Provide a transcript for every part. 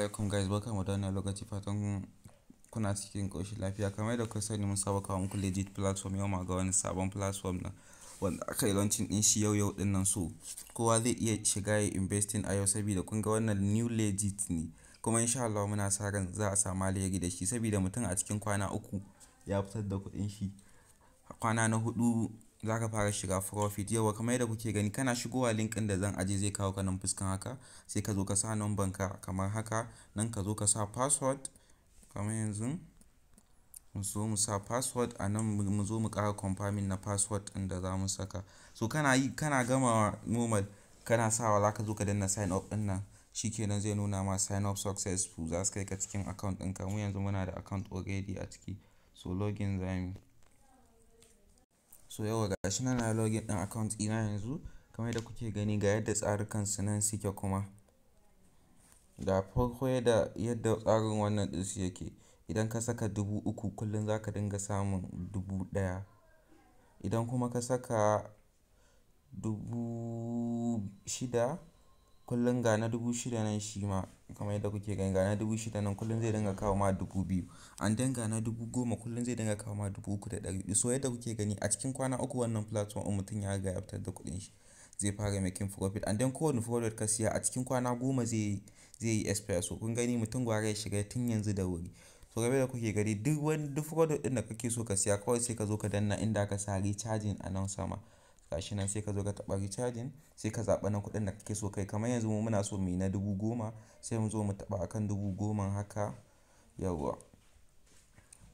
Alaikum guys, barkamu da wannan lokaci fatan kuna cikin ƙoshin lafiya kamar yadda kuka sani mun saba kawo muku legit platform yau ma ga wani sabon platform na wanda aka yi launching din shi yau yau din nan so kowa zai iya shiga ya investing a yau saboda kun ga wannan new legit ne kuma insha Allah muna sa ran za a samu alheri da shi saboda mutum a cikin kwana uku ya fitar da kuɗin shi kwana na hudu za ka fara shiga profit yawa kamar yadda kuke gani kana shigowa link ɗin da zan aje zai kawo ka nan fuskan haka sai ka zo ka sa numban ka kamar haka nan ka zo ka sa password kamar yanzu mu zo mu sa password a nan mu zo mu kara confirming na password ɗin da za mu saka so kana yi kana gama normal kana sawa za ka zo ka danna sign up ɗin nan shikenan zai nuna ma sign up successful za su kai ka cikin account ɗinka mu yanzu muna da account already a ciki so login za mu So yauwa ga shi nan na login din account ina yanzu kamar yadda kuke gani ga yadda tsarukan su nan suke kuma. Da farko yadda yadda tsarin wannan din su yake idan ka saka dubu uku kullum za ka dinga samun dubu ɗaya. Idan kuma ka saka dubu shida kullum ga na dubu shida nan shi ma kamar yadda kuke gani ga na dubu shida nan kullum zai dinga kawo ma dubu biyu an dan ga na dubu goma kullum zai dinga kawo ma dubu uku da ɗari biyu so yadda kuke gani a cikin kwana uku wannan platform in mutum ya ga ya fitar da kuɗin shi zai fara making profit an dan kowane product ka siya a cikin kwana goma zai zai yi espresso kun gani mutum gwara ya shiga tun yanzu da wuri so game da kuke gani duk wani duk product ɗin da kake so ka siya kawai sai ka zo ka danna inda aka sa recharging a nan sama gashi nan sai ka zo ka taɓa recharging sai ka zaɓa na kuɗin da kake so kai kamar yanzu mu muna so mu na dubu goma sai mu zo mu taɓa akan dubu goma haka yawwa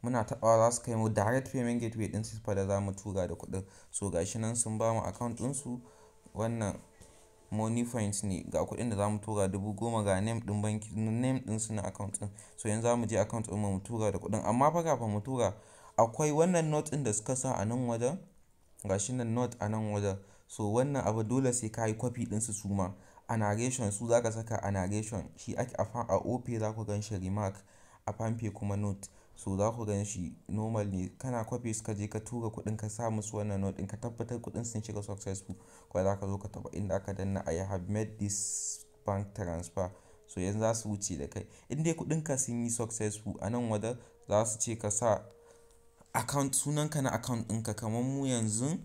muna taɓawa za su kai mu direct payment gateway ɗin fa da za mu tura da kuɗin so gashi nan sun ba mu account ɗinsu wannan money points ne ga kuɗin da za mu tura dubu goma ga name ɗin banki name ɗin su na account ɗin so yanzu za mu je account ɗin mu tura da kuɗin amma fa kafin mu tura akwai wannan note ɗin da suka sa a nan wajen ga shi nan not a nan wajen so wannan abu dole sai ka yi copy ɗinsu su suma a narration su za ka saka a narration shi ake a ope za ku gan shi remark a fanfe kuma not so za ku gan shi normal ne kana su suka je ka tura kuɗin ka sa musu wannan not ɗin ka tabbatar kuɗin sun shiga successful ko za ka zo ka taba inda aka danna i have made this bank transfer so yanzu za su wuce da kai in dai kuɗin ka sun yi successful a nan wajen za su ce ka sa account sunanka na account ɗinka kamar mu yanzu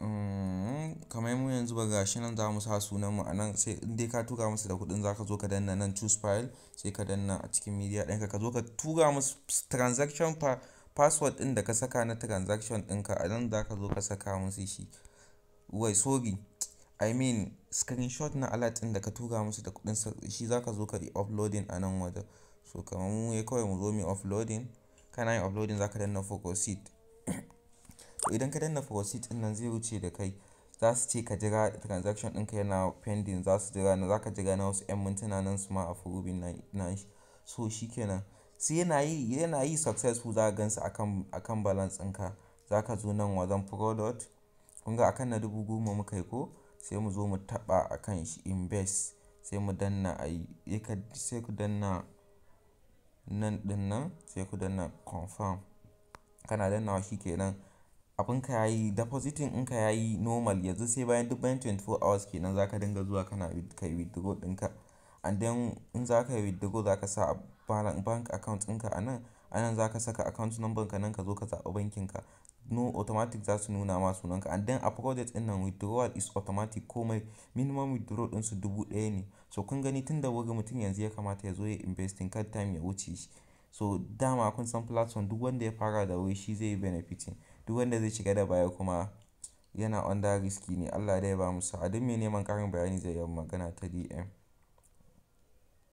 mm, kamar mu yanzu ba gashi nan za mu sa sunan mu a nan sai in dai ka tura musu da kuɗin za ka zo ka danna nan choose file sai ka danna a cikin media ɗinka ka zo ka tura musu transaction password ɗin da ka saka na transaction ɗinka a nan za ka zo ka saka musu shi wai sorry i mean screenshot na alert ɗin da ka tura musu da kuɗin shi za ka zo ka yi uploading a nan wajen So kamar mu ya kawai mu zo mu loading kana yin uploading zaka danna focusing to idan ka danna faucet din nan zai wuce da kai za su ce ka jira transaction ɗinka yana pending za su jira na za ka jira na wasu 'yan mintuna nan su ma a approving na shi so shi kenan sai yana yi yana yi successful za ka gansu akan akan balance ɗinka za ka zo nan wajen product kun ga akan na dubu goma muka yi ko sai mu zo mu taɓa akan shi invest sai mu danna a yi sai ku danna nan din nan sai ku danna confirm kana dannawa kenan abin ya yayi depositing in ya yi normal yanzu sai bayan duk bayan 24 hours kenan zaka dinga zuwa kana kai withdraw dinka and then in zaka withdraw zaka sa bank account ɗinka a nan anan nan za ka saka account number ka nan ka zo ka zaɓi bankin ka no automatic za su nuna ma sunan ka and then a project din nan withdrawal is automatic komai minimum withdrawal din su dubu ɗaya ne so kun gani tun da wuri mutum yanzu ya kamata ya zo ya investing card time ya wuce shi so dama kun san platform duk wanda ya fara da wuri shi zai yi benefiting duk wanda zai shiga da baya kuma yana under riski ne Allah dai ba mu sa'a duk mai neman karin bayani zai yi magana ta DM